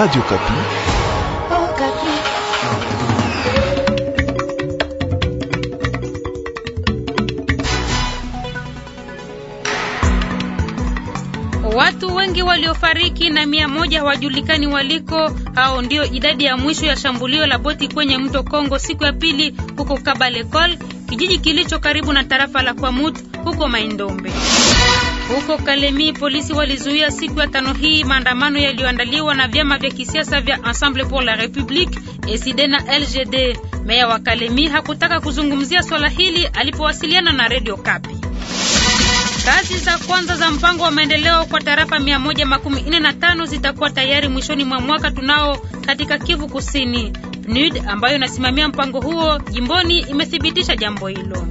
Radio Kapi. Oh, Kapi. Watu wengi waliofariki na mia moja hawajulikani waliko. Hao ndio idadi ya mwisho ya shambulio la boti kwenye mto Kongo siku ya pili huko Kabalekol, kijiji kilicho karibu na tarafa la Kwamut huko Maindombe. Huko Kalemi polisi walizuia siku ya tano hii maandamano yaliyoandaliwa na vyama vya kisiasa vya Ensemble pour la République, ESID na LGD. Meya wa Kalemi hakutaka kuzungumzia swala hili alipowasiliana na Radio Kapi. Kazi za kwanza za mpango wa maendeleo kwa tarafa 145 zitakuwa tayari mwishoni mwa mwaka tunao katika Kivu Kusini. NUD ambayo inasimamia mpango huo jimboni imethibitisha jambo hilo.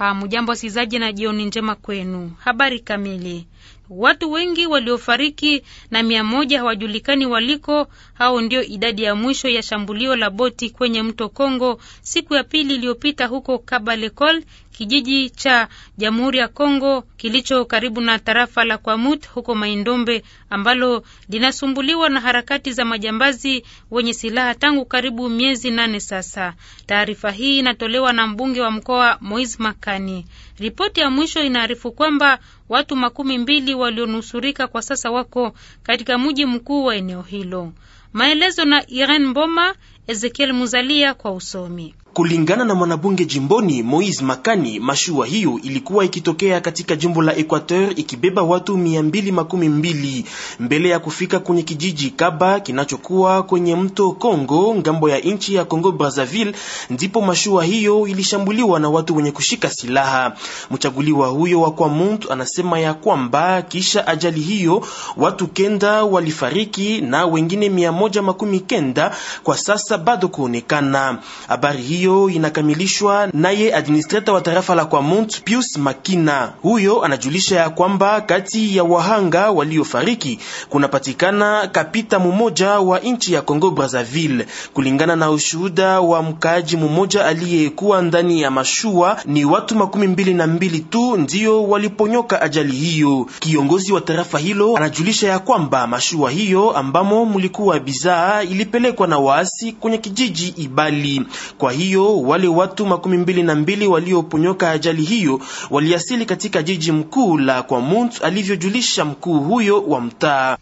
Hamujambo wasikilizaji, na jioni njema kwenu. Habari kamili Watu wengi waliofariki na mia moja hawajulikani waliko. Hao ndio idadi ya mwisho ya shambulio la boti kwenye mto Kongo siku ya pili iliyopita huko Kabalekol, kijiji cha Jamhuri ya Kongo kilicho karibu na tarafa la Kwamut huko Maindombe, ambalo linasumbuliwa na harakati za majambazi wenye silaha tangu karibu miezi nane sasa. Taarifa hii inatolewa na mbunge wa mkoa Moise Makani. Ripoti ya mwisho inaarifu kwamba Watu makumi mbili walionusurika kwa sasa wako katika mji mkuu wa eneo hilo. Maelezo na Irene Mboma, Ezekiel Muzalia kwa usomi. Kulingana na mwanabunge jimboni Moise Makani, mashua hiyo ilikuwa ikitokea katika jimbo la Equateur ikibeba watu mia mbili makumi mbili mbele ya kufika kwenye kijiji Kaba kinachokuwa kwenye mto congo ngambo ya nchi ya congo Brazzaville, ndipo mashua hiyo ilishambuliwa na watu wenye kushika silaha. Mchaguliwa huyo wa kwa mnt anasema ya kwamba kisha ajali hiyo watu kenda walifariki na wengine mia moja makumi kenda kwa sasa bado kuonekana. Habari hii hiyo inakamilishwa naye administrator wa tarafa la Kwamouth Pius Makina. Huyo anajulisha ya kwamba kati ya wahanga waliofariki kunapatikana kapita mumoja wa nchi ya congo Brazzaville. Kulingana na ushuhuda wa mkaaji mumoja aliyekuwa ndani ya mashua, ni watu makumi mbili na mbili tu ndiyo waliponyoka ajali hiyo. Kiongozi wa tarafa hilo anajulisha ya kwamba mashua hiyo ambamo mulikuwa bidhaa ilipelekwa na waasi kwenye kijiji Ibali. Kwa hiyo hiyo wale watu makumi mbili na mbili walioponyoka ajali hiyo waliasili katika jiji mkuu la Kwamuntu, alivyojulisha mkuu huyo wa mtaa.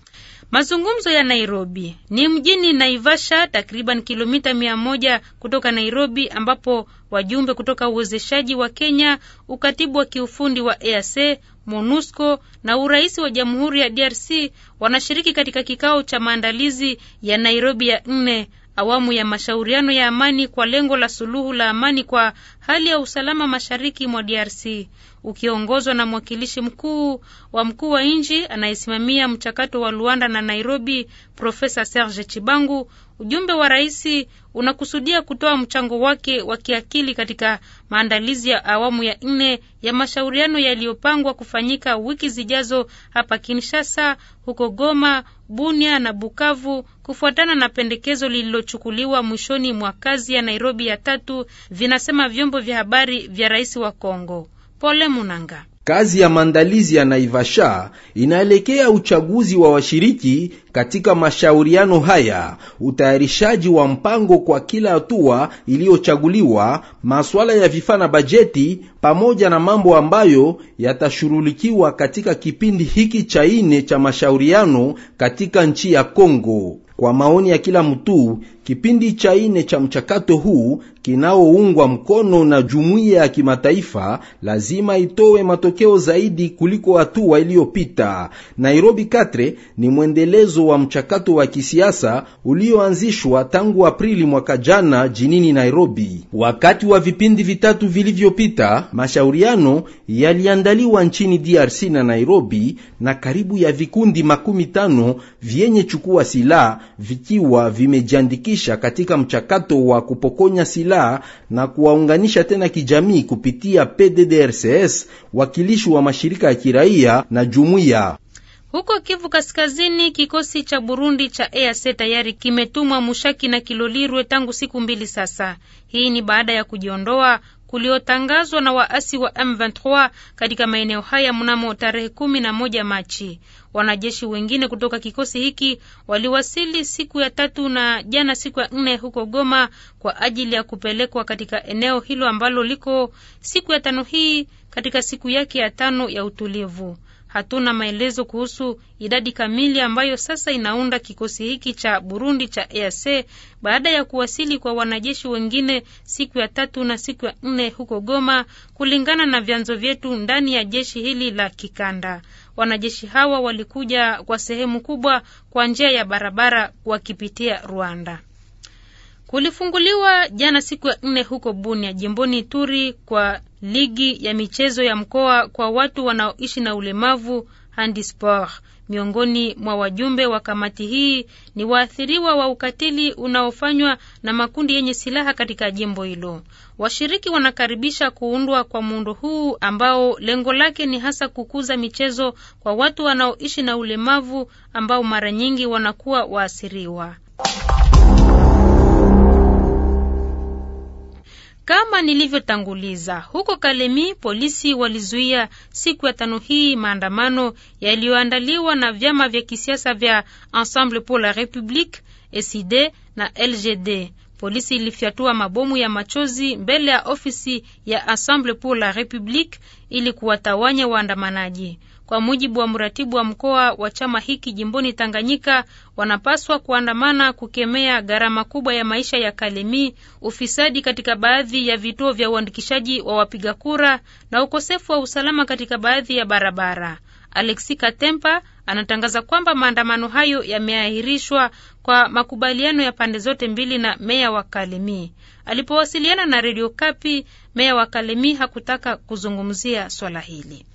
Mazungumzo ya Nairobi ni mjini Naivasha, takriban kilomita mia moja kutoka Nairobi, ambapo wajumbe kutoka uwezeshaji wa Kenya, ukatibu wa kiufundi wa EAC, MONUSCO na urais wa jamhuri ya DRC wanashiriki katika kikao cha maandalizi ya Nairobi ya nne awamu ya mashauriano ya amani kwa lengo la suluhu la amani kwa hali ya usalama mashariki mwa DRC ukiongozwa na mwakilishi mkuu wa mkuu wa nchi anayesimamia mchakato wa Luanda na Nairobi, Profesa Serge Chibangu. Ujumbe wa rais unakusudia kutoa mchango wake wa kiakili katika maandalizi ya awamu ya nne ya mashauriano yaliyopangwa kufanyika wiki zijazo hapa Kinshasa, huko Goma, Bunia na Bukavu, kufuatana na pendekezo lililochukuliwa mwishoni mwa kazi ya Nairobi ya tatu, vinasema vyombo vya habari vya rais wa Kongo. Pole Munanga. Kazi ya maandalizi ya Naivasha inaelekea uchaguzi wa washiriki katika mashauriano haya, utayarishaji wa mpango kwa kila hatua iliyochaguliwa, masuala ya vifaa na bajeti, pamoja na mambo ambayo yatashughulikiwa katika kipindi hiki cha ine cha mashauriano katika nchi ya Kongo. Kwa maoni ya kila mtu, kipindi cha ine cha mchakato huu kinaoungwa mkono na jumuiya ya kimataifa lazima itowe matokeo zaidi kuliko hatua iliyopita. Nairobi Katre ni mwendelezo wa mchakato wa kisiasa ulioanzishwa tangu Aprili mwaka jana jinini Nairobi. Wakati wa vipindi vitatu vilivyopita, mashauriano yaliandaliwa nchini DRC na Nairobi na karibu ya vikundi makumi tano vyenye chukua silaha vikiwa vimejiandikisha katika mchakato wa kupokonya silaha mitaa na kuwaunganisha tena kijamii kupitia PDDRCS, wakilishi wa mashirika ya kiraia na jumuiya. Huko Kivu Kaskazini, kikosi cha Burundi cha EAC tayari kimetumwa Mushaki na Kilolirwe tangu siku mbili sasa. Hii ni baada ya kujiondoa kuliotangazwa na waasi wa M23 katika maeneo haya mnamo tarehe kumi na moja Machi. Wanajeshi wengine kutoka kikosi hiki waliwasili siku ya tatu na jana siku ya nne huko Goma kwa ajili ya kupelekwa katika eneo hilo ambalo liko siku ya tano hii katika siku yake ya tano ya utulivu. Hatuna maelezo kuhusu idadi kamili ambayo sasa inaunda kikosi hiki cha Burundi cha EAC baada ya kuwasili kwa wanajeshi wengine siku ya tatu na siku ya nne huko Goma, kulingana na vyanzo vyetu ndani ya jeshi hili la kikanda. Wanajeshi hawa walikuja kwa sehemu kubwa kwa njia ya barabara wakipitia Rwanda. Kulifunguliwa jana siku ya nne huko Bunia, jimboni Ituri, kwa ligi ya michezo ya mkoa kwa watu wanaoishi na ulemavu Handisport. Miongoni mwa wajumbe wa kamati hii ni waathiriwa wa ukatili unaofanywa na makundi yenye silaha katika jimbo hilo. Washiriki wanakaribisha kuundwa kwa muundo huu ambao lengo lake ni hasa kukuza michezo kwa watu wanaoishi na ulemavu ambao mara nyingi wanakuwa waasiriwa. Kama nilivyotanguliza huko Kalemi, polisi walizuia siku ya tano hii maandamano yaliyoandaliwa na vyama vya kisiasa vya Ensemble pour la republique ESID na LGD. Polisi ilifyatua mabomu ya machozi mbele ya ofisi ya Ensemble pour la Republique ili kuwatawanya waandamanaji. Kwa mujibu wa mratibu wa mkoa wa chama hiki jimboni Tanganyika, wanapaswa kuandamana kukemea gharama kubwa ya maisha ya Kalemi, ufisadi katika baadhi ya vituo vya uandikishaji wa wapiga kura na ukosefu wa usalama katika baadhi ya barabara. Alexi Katempa anatangaza kwamba maandamano hayo yameahirishwa kwa makubaliano ya pande zote mbili na meya wa Kalemi. Alipowasiliana na Radio Kapi, meya wa Kalemi hakutaka kuzungumzia swala hili.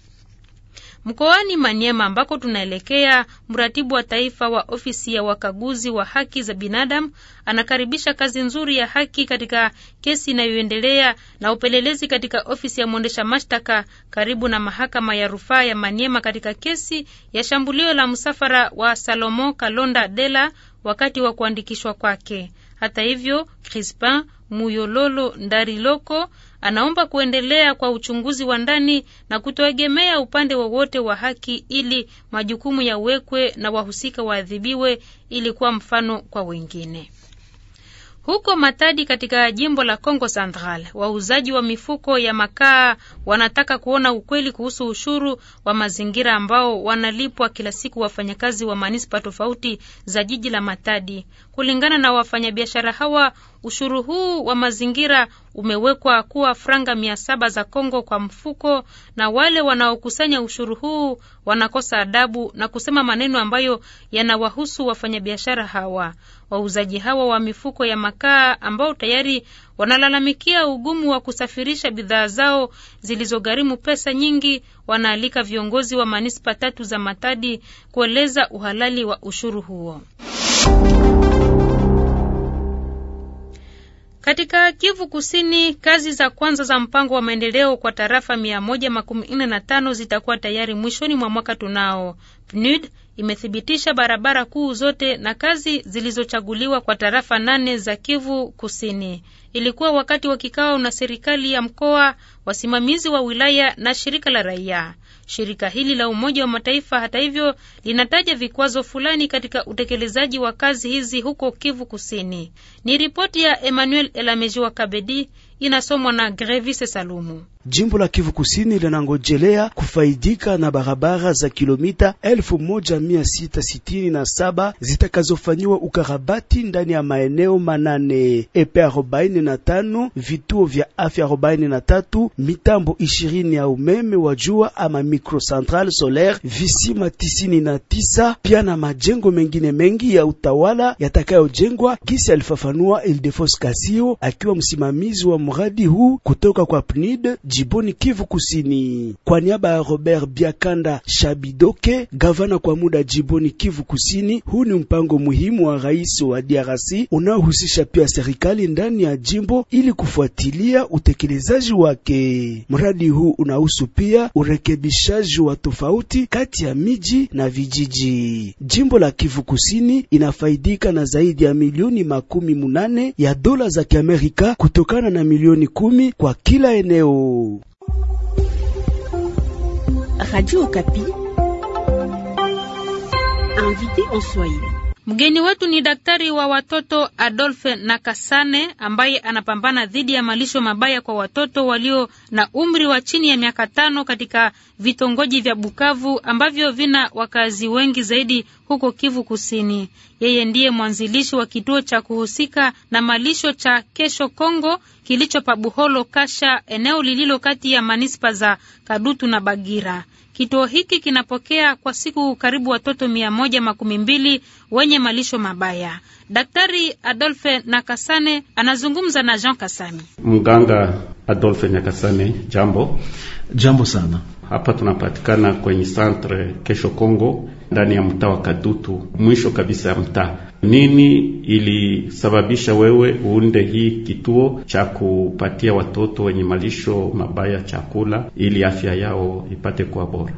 Mkoani Maniema ambako tunaelekea, mratibu wa taifa wa ofisi ya wakaguzi wa haki za binadamu anakaribisha kazi nzuri ya haki katika kesi inayoendelea na upelelezi katika ofisi ya mwendesha mashtaka karibu na mahakama ya rufaa ya Maniema katika kesi ya shambulio la msafara wa Salomo Kalonda Dela wakati wa kuandikishwa kwake. Hata hivyo, Crispin Muyololo Ndariloko anaomba kuendelea kwa uchunguzi wa ndani na kutoegemea upande wowote wa, wa haki ili majukumu yawekwe na wahusika waadhibiwe ili kuwa mfano kwa wengine. Huko Matadi katika jimbo la congo Central, wauzaji wa mifuko ya makaa wanataka kuona ukweli kuhusu ushuru wa mazingira ambao wanalipwa kila siku wafanyakazi wa manispa tofauti za jiji la Matadi. Kulingana na wafanyabiashara hawa, Ushuru huu wa mazingira umewekwa kuwa franga mia saba za Kongo kwa mfuko, na wale wanaokusanya ushuru huu wanakosa adabu na kusema maneno ambayo yanawahusu wafanyabiashara hawa. Wauzaji hawa wa mifuko ya makaa ambao tayari wanalalamikia ugumu wa kusafirisha bidhaa zao zilizogharimu pesa nyingi, wanaalika viongozi wa manispa tatu za Matadi kueleza uhalali wa ushuru huo. Katika Kivu Kusini, kazi za kwanza za mpango wa maendeleo kwa tarafa 145 zitakuwa tayari mwishoni mwa mwaka tunao. PNUD imethibitisha barabara kuu zote na kazi zilizochaguliwa kwa tarafa nane za Kivu Kusini. Ilikuwa wakati wa kikao na serikali ya mkoa, wasimamizi wa wilaya na shirika la raia. Shirika hili la Umoja wa Mataifa hata hivyo linataja vikwazo fulani katika utekelezaji wa kazi hizi huko Kivu Kusini. Ni ripoti ya Emmanuel Elamejiwa Kabedi inasomwa na Grevis Salumu. Jimbo la Kivu Kusini linangojelea kufaidika na barabara za kilomita 1667 zitakazofanyiwa ukarabati ndani ya maeneo manane epe 45, vituo vya afya 43, mitambo ishirini ya umeme wa jua ama microcentral solaire, visima 99, pia na majengo mengine mengi ya utawala yatakayojengwa, kisi alifafanua Ildefos Kasio akiwa msimamizi wa mradi huu kutoka kwa PNID jiboni Kivu Kusini. Kwa niaba ya Robert Biakanda Shabidoke, gavana kwa muda jiboni Kivu Kusini, huu ni mpango muhimu wa rais wa DRC unaohusisha pia serikali ndani ya jimbo ili kufuatilia utekelezaji wake. Mradi huu unahusu pia urekebishaji wa tofauti kati ya miji na vijiji. Jimbo la Kivu Kusini inafaidika na zaidi ya milioni makumi munane ya dola za Kiamerika kutokana na milioni milioni kumi kwa kila eneo. Radio Okapi. Invité en Swahili. Mgeni wetu ni daktari wa watoto Adolphe Nakasane ambaye anapambana dhidi ya malisho mabaya kwa watoto walio na umri wa chini ya miaka tano katika vitongoji vya Bukavu ambavyo vina wakazi wengi zaidi huko Kivu Kusini. Yeye ndiye mwanzilishi wa kituo cha kuhusika na malisho cha Kesho Kongo kilicho pa Buholo Kasha, eneo lililo kati ya manispa za Kadutu na Bagira. Kituo hiki kinapokea kwa siku karibu watoto mia moja makumi mbili wenye malisho mabaya. Daktari adolfe Nakasane anazungumza na Jean Kasami. Mganga adolfe Nakasane, jambo. Jambo sana. Hapa tunapatikana kwenye Centre Kesho Kongo ndani ya mtaa wa Kadutu, mwisho kabisa ya mtaa nini ilisababisha wewe uunde hii kituo cha kupatia watoto wenye malisho mabaya chakula ili afya yao ipate kuwa bora?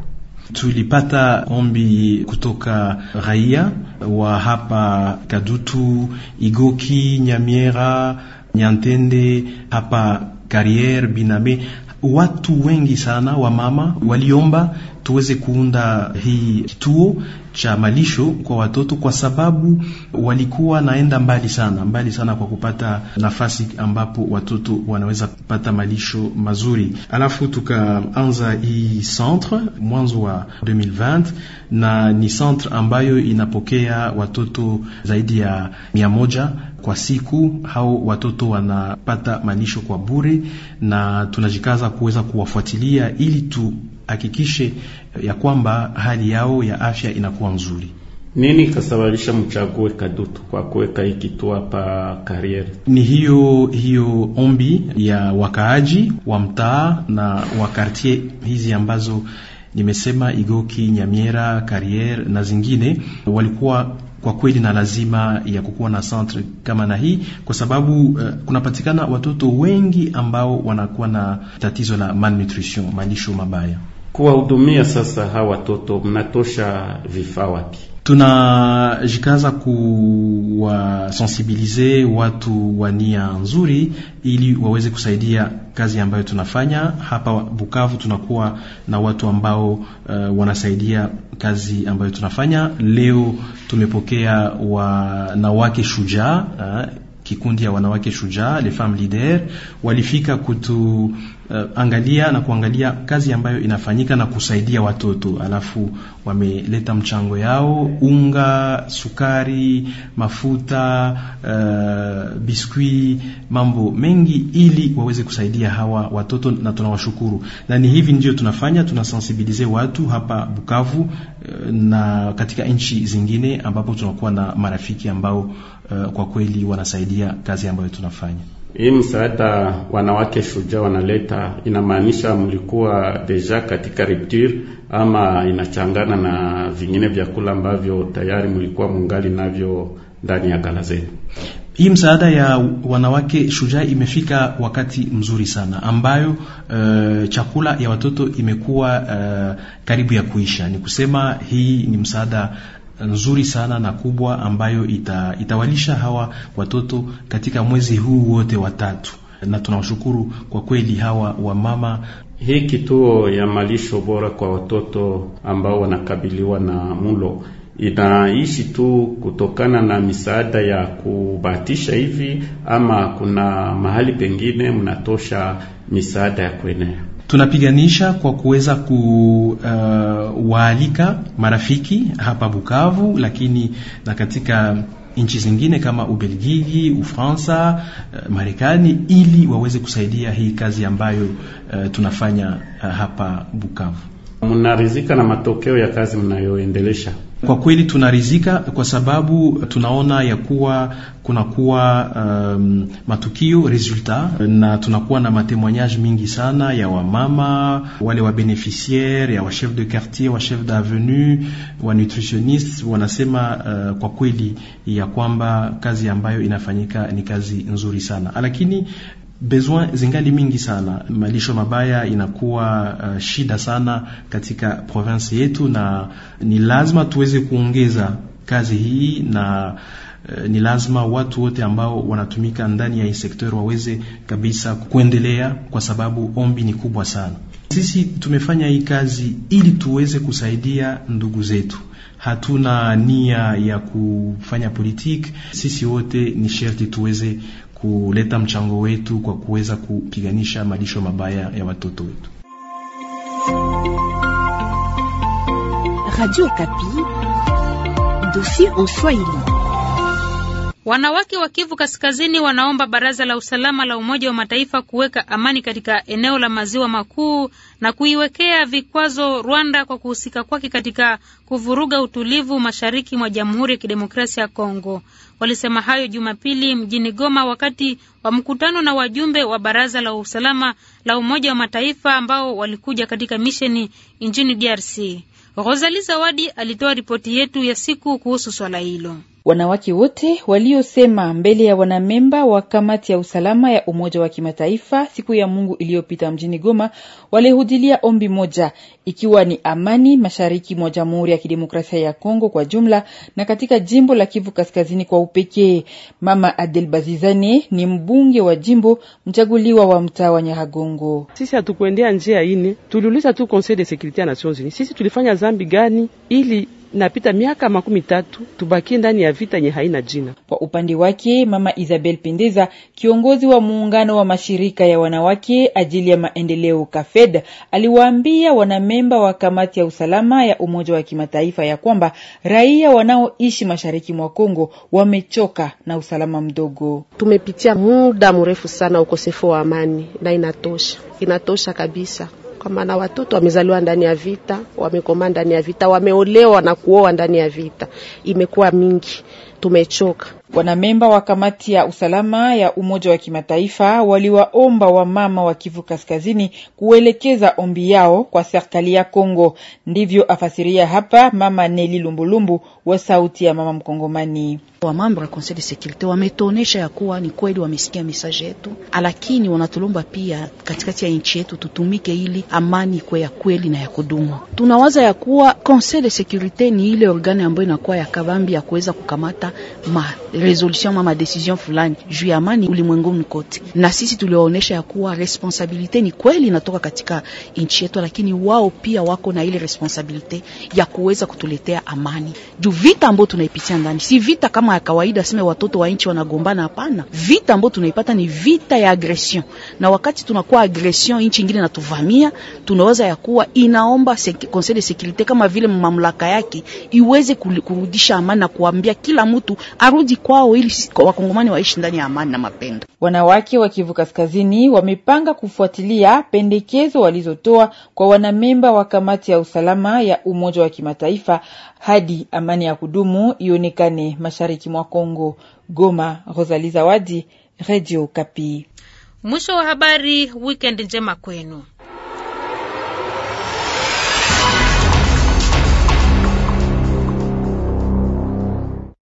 Tulipata ombi kutoka raia wa hapa Kadutu, Igoki, Nyamiera, Nyantende hapa Kariere, Binabe Watu wengi sana wa mama waliomba tuweze kuunda hii kituo cha malisho kwa watoto, kwa sababu walikuwa naenda mbali sana mbali sana kwa kupata nafasi ambapo watoto wanaweza kupata malisho mazuri. Alafu tukaanza hii centre mwanzo wa 2020 na ni centre ambayo inapokea watoto zaidi ya mia moja kwa siku. au watoto wanapata manisho kwa bure, na tunajikaza kuweza kuwafuatilia ili tuhakikishe ya kwamba hali yao ya afya inakuwa nzuri. Nini ikasababisha mchague Kadutu kwa kuweka hii kituo hapa Kariere? Ni hiyo hiyo ombi ya wakaaji wa mtaa na wa kartie hizi ambazo nimesema Igoki, Nyamiera, Kariere na zingine walikuwa kwa kweli na lazima ya kukuwa na centre kama na hii, kwa sababu uh, kunapatikana watoto wengi ambao wanakuwa na tatizo la malnutrition, malisho mabaya. Kuwahudumia sasa hawa watoto, mnatosha vifaa wapi? tunajikaza kuwasensibilize watu wa nia nzuri ili waweze kusaidia kazi ambayo tunafanya hapa Bukavu. Tunakuwa na watu ambao uh, wanasaidia kazi ambayo tunafanya. Leo tumepokea wanawake shujaa uh, kikundi ya wanawake shujaa le femme leader walifika kutuangalia eh, uh, na kuangalia kazi ambayo inafanyika na kusaidia watoto, alafu wameleta mchango yao: unga, sukari, mafuta, uh, eh, biskwi, mambo mengi, ili waweze kusaidia hawa watoto, na tunawashukuru. Na ni hivi ndio tunafanya, tunasensibilize watu hapa Bukavu eh, na katika nchi zingine ambapo tunakuwa na marafiki ambao Eh, kwa kweli wanasaidia kazi ambayo tunafanya. Hii msaada wanawake shujaa wanaleta inamaanisha mlikuwa deja katika rupture ama inachangana na vingine vyakula ambavyo tayari mlikuwa mungali navyo ndani ya gala zenu? Hii msaada ya wanawake shujaa imefika wakati mzuri sana ambayo uh, chakula ya watoto imekuwa uh, karibu ya kuisha. Ni kusema hii ni msaada nzuri sana na kubwa ambayo ita, itawalisha hawa watoto katika mwezi huu wote watatu, na tunawashukuru kwa kweli hawa wamama. Hii kituo ya malisho bora kwa watoto ambao wanakabiliwa na mulo inaishi tu kutokana na misaada ya kubahatisha hivi, ama kuna mahali pengine mnatosha misaada ya kuenea? tunapiganisha kwa kuweza kuwaalika uh, marafiki hapa Bukavu, lakini na katika nchi zingine kama Ubelgiji, Ufransa, uh, Marekani ili waweze kusaidia hii kazi ambayo uh, tunafanya uh, hapa Bukavu. Mnaridhika na matokeo ya kazi mnayoendelesha? Kwa kweli tunarizika kwa sababu tunaona ya kuwa kunakuwa um, matukio resulta na tunakuwa na matemoignage mingi sana ya wamama wale wa beneficiaire ya wa chef de quartier, wa chef d'avenue, wa nutritioniste wanasema uh, kwa kweli ya kwamba kazi ambayo inafanyika ni kazi nzuri sana, lakini besoin zingali mingi sana. Malisho mabaya inakuwa uh, shida sana katika province yetu, na ni lazima tuweze kuongeza kazi hii na uh, ni lazima watu wote ambao wanatumika ndani ya sekta waweze kabisa kuendelea, kwa sababu ombi ni kubwa sana. Sisi tumefanya hii kazi ili tuweze kusaidia ndugu zetu. Hatuna nia ya kufanya politiki, sisi wote ni sherti tuweze kuleta mchango wetu kwa kuweza kupiganisha malisho mabaya ya watoto wetu. Radio Kapi, dossier en Swahili. Wanawake wa Kivu Kaskazini wanaomba Baraza la Usalama la Umoja wa Mataifa kuweka amani katika eneo la Maziwa Makuu na kuiwekea vikwazo Rwanda kwa kuhusika kwake katika kuvuruga utulivu mashariki mwa Jamhuri ya Kidemokrasia ya Kongo. Walisema hayo Jumapili mjini Goma wakati wa mkutano na wajumbe wa Baraza la Usalama la Umoja wa Mataifa ambao walikuja katika misheni nchini DRC. rosali Zawadi alitoa ripoti yetu ya siku kuhusu swala hilo. Wanawake wote waliosema mbele ya wanamemba wa kamati ya usalama ya Umoja wa Kimataifa siku ya Mungu iliyopita mjini Goma walihudilia ombi moja, ikiwa ni amani mashariki mwa Jamhuri ya Kidemokrasia ya Kongo kwa jumla na katika jimbo la Kivu Kaskazini kwa upekee. Mama Adel Bazizane ni mbunge wa jimbo mchaguliwa wa mtaa wa Nyahagongo. Sisi hatukuendea njia ine, tuliuliza tu Conseil de Securite ya Nations Unies, sisi tulifanya zambi gani ili inapita miaka makumi tatu tubakie ndani ya vita yenye haina jina. Kwa upande wake, mama Isabel Pendeza, kiongozi wa muungano wa mashirika ya wanawake ajili ya maendeleo KAFED, aliwaambia wanamemba wa kamati ya usalama ya Umoja wa Kimataifa ya kwamba raia wanaoishi mashariki mwa Kongo wamechoka na usalama mdogo. Tumepitia muda mrefu sana ukosefu wa amani, na inatosha, inatosha kabisa kwa maana watoto wamezaliwa ndani ya vita, wamekomaa ndani ya vita, wameolewa na kuoa ndani ya vita. Imekuwa mingi, tumechoka. Wanamemba wa kamati ya usalama ya Umoja wa Kimataifa waliwaomba wamama wa Kivu Kaskazini kuelekeza ombi yao kwa serikali ya Kongo. Ndivyo afasiria hapa Mama Neli Lumbulumbu wa Sauti ya Mama Mkongomani. Wamambo wa Conseil de Securite wametuonyesha ya kuwa ni kweli wamesikia mesaje yetu, lakini wanatulomba pia katikati ya nchi yetu tutumike ili amani kwa ya kweli na ya kudumu. Tunawaza ya kuwa Conseil de Securite ni ile organe ambayo inakuwa ya kavambi ya kuweza kukamata ma resolution ama madecision fulani juu ya amani ulimwenguni kote, na sisi tuliwaonesha ya kuwa responsabilite ni kweli inatoka katika nchi yetu, lakini wao pia wako na ile responsabilite ya kuweza kutuletea amani, juu vita ambayo tunaipitia ndani si vita kama ya kawaida, sema watoto wa nchi wanagombana. Hapana, vita ambayo tunaipata ni vita ya agresion, na wakati tunakuwa agresion, nchi nyingine natuvamia, tunaweza ya kuwa inaomba Conseil de Securite kama vile mamlaka yake iweze kurudisha amani na kuambia kila mtu arudi kwao, ili wakongomani waishi ndani ya amani na mapendo. Wanawake wa Kivu Kaskazini wamepanga kufuatilia pendekezo walizotoa kwa wanamemba wa kamati ya usalama ya Umoja wa Kimataifa hadi amani ya kudumu ionekane mashariki mwa Kongo. Goma, Rosali Zawadi, Radio Kapi. Mwisho wa habari. Wikendi njema kwenu.